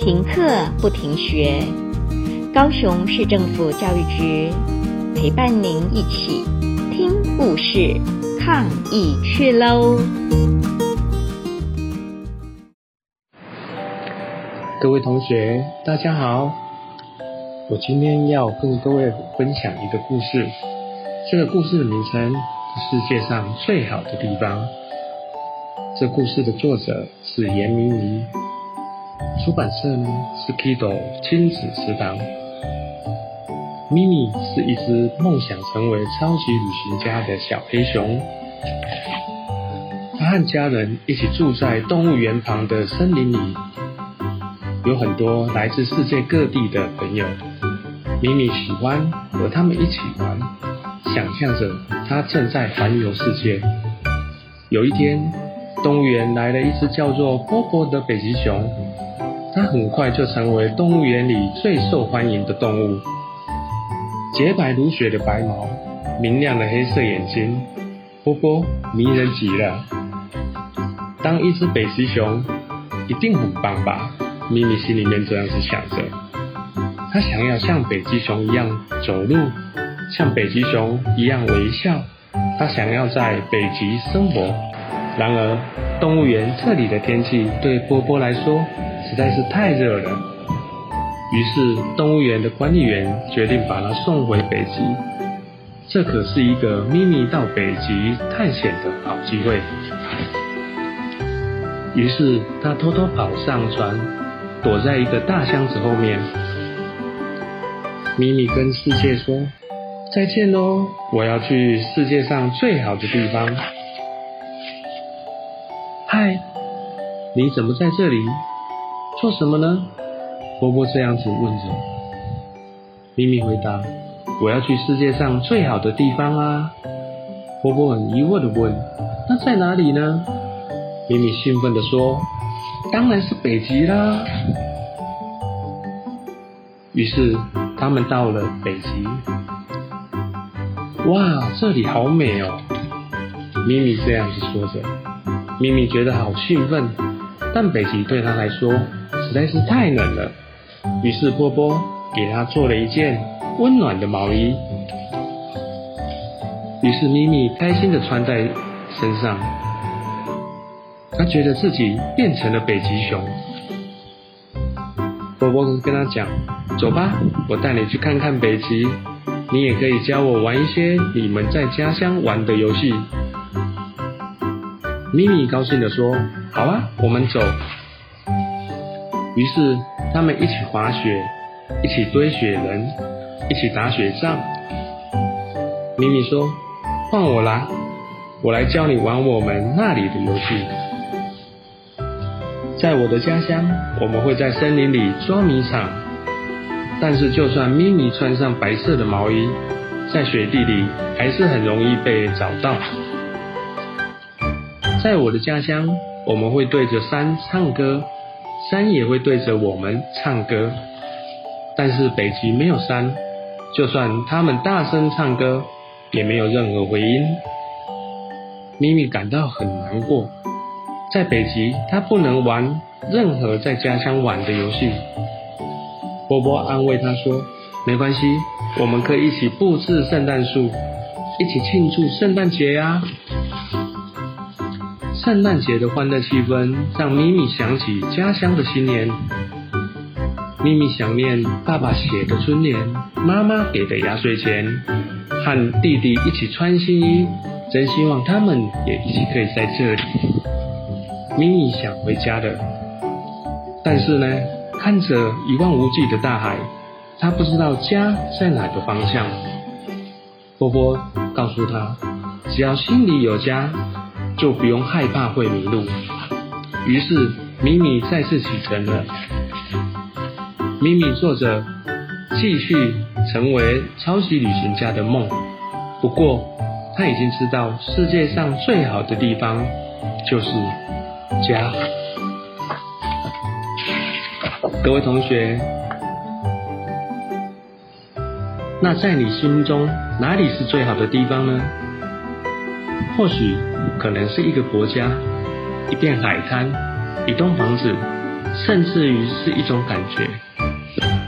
停課不停學，高雄市政府教育局陪伴您一起聽故事、抗疫趣嘍！各位同學，大家好，我今天要跟各位分享一個故事。這個故事的名稱是《世界上最好的地方》，這故事的作者是嚴明儀。出版社呢是 Kido 親子時堂咪咪是一只夢想成為超級旅行家的小黑熊，他和家人一起住在動物園旁的森林裡，有很多來自世界各地的朋友。咪咪喜歡和他們一起玩，想象着他正在環遊世界。有一天，動物園來了一只叫做波波的北極熊。它很快就成為動物園裡最受歡迎的動物。潔白如雪的白毛，明亮的黑色眼睛，波波迷人極了。當一隻北極熊一定很棒吧？咪咪心裡面這樣子想着。它想要像北極熊一樣走路，像北極熊一樣微笑。他想要在北極生活。然而，動物園這裡的天氣對波波來說，實在是太熱了，於是動物園的管理員決定把它送回北極。這可是一個咪咪到北極探險的好機會。於是他偷偷跑上船，躲在一個大箱子後面。咪咪跟世界說：“再見嘍，我要去世界上最好的地方。”嗨，你怎麼在這裡？做什麼呢？波波這樣子問着。咪咪回答：“我要去世界上最好的地方啊！”波波很疑惑的問：“那在哪裡呢？”咪咪興奮的說：“當然是北極啦！”於是他們到了北極。哇，這裡好美哦！咪咪這樣子說着，咪咪覺得好興奮，但北極對他來說……實在是太冷了，於是波波給他做了一件溫暖的毛衣。於是咪咪開心的穿在身上，他覺得自己變成了北極熊。波波跟他講：“走吧，我帶你去看看北極，你也可以教我玩一些你們在家鄉玩的遊戲。”咪咪高興的說：“好啊，我們走。”於是他們一起滑雪，一起堆雪人，一起打雪仗。咪咪說：“換我啦，我來教你玩我們那裡的遊戲。在我的家鄉，我們會在森林裡捉迷藏。但是，就算咪咪穿上白色的毛衣，在雪地裡還是很容易被找到。在我的家鄉，我們會對着山唱歌。”山也會對着我們唱歌，但是北極沒有山，就算他們大聲唱歌，也沒有任何回音。咪咪感到很難過，在北極，它不能玩任何在家鄉玩的遊戲。波波安慰他說：“沒關係，我們可以一起布置聖誕樹，一起慶祝聖誕節呀。”聖誕節的歡樂氣氛讓咪咪想起家鄉的新年。咪咪想念爸爸寫的春聯，媽媽給的壓歲錢，和弟弟一起穿新衣。真希望他們也一起可以在這裡。咪咪想回家的，但是呢，看着一望無際的大海，他不知道家在哪個方向。波波告訴他，只要心裡有家。就不用害怕會迷路。於是，米米再次啟程了。米米做着繼續成為超級旅行家的夢。不過，他已經知道世界上最好的地方就是家。各位同學，那在你心中，哪裡是最好的地方呢？或許可能是一個國家、一片海灘、一棟房子，甚至於是一種感覺。嗯，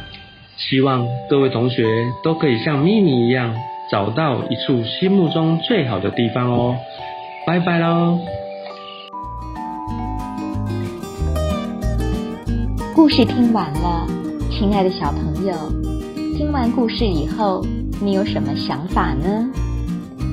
希望各位同學都可以像咪咪一樣，找到一處心目中最好的地方哦。拜拜嘍！故事聽完了，親愛的小朋友，聽完故事以後，你有什麼想法呢？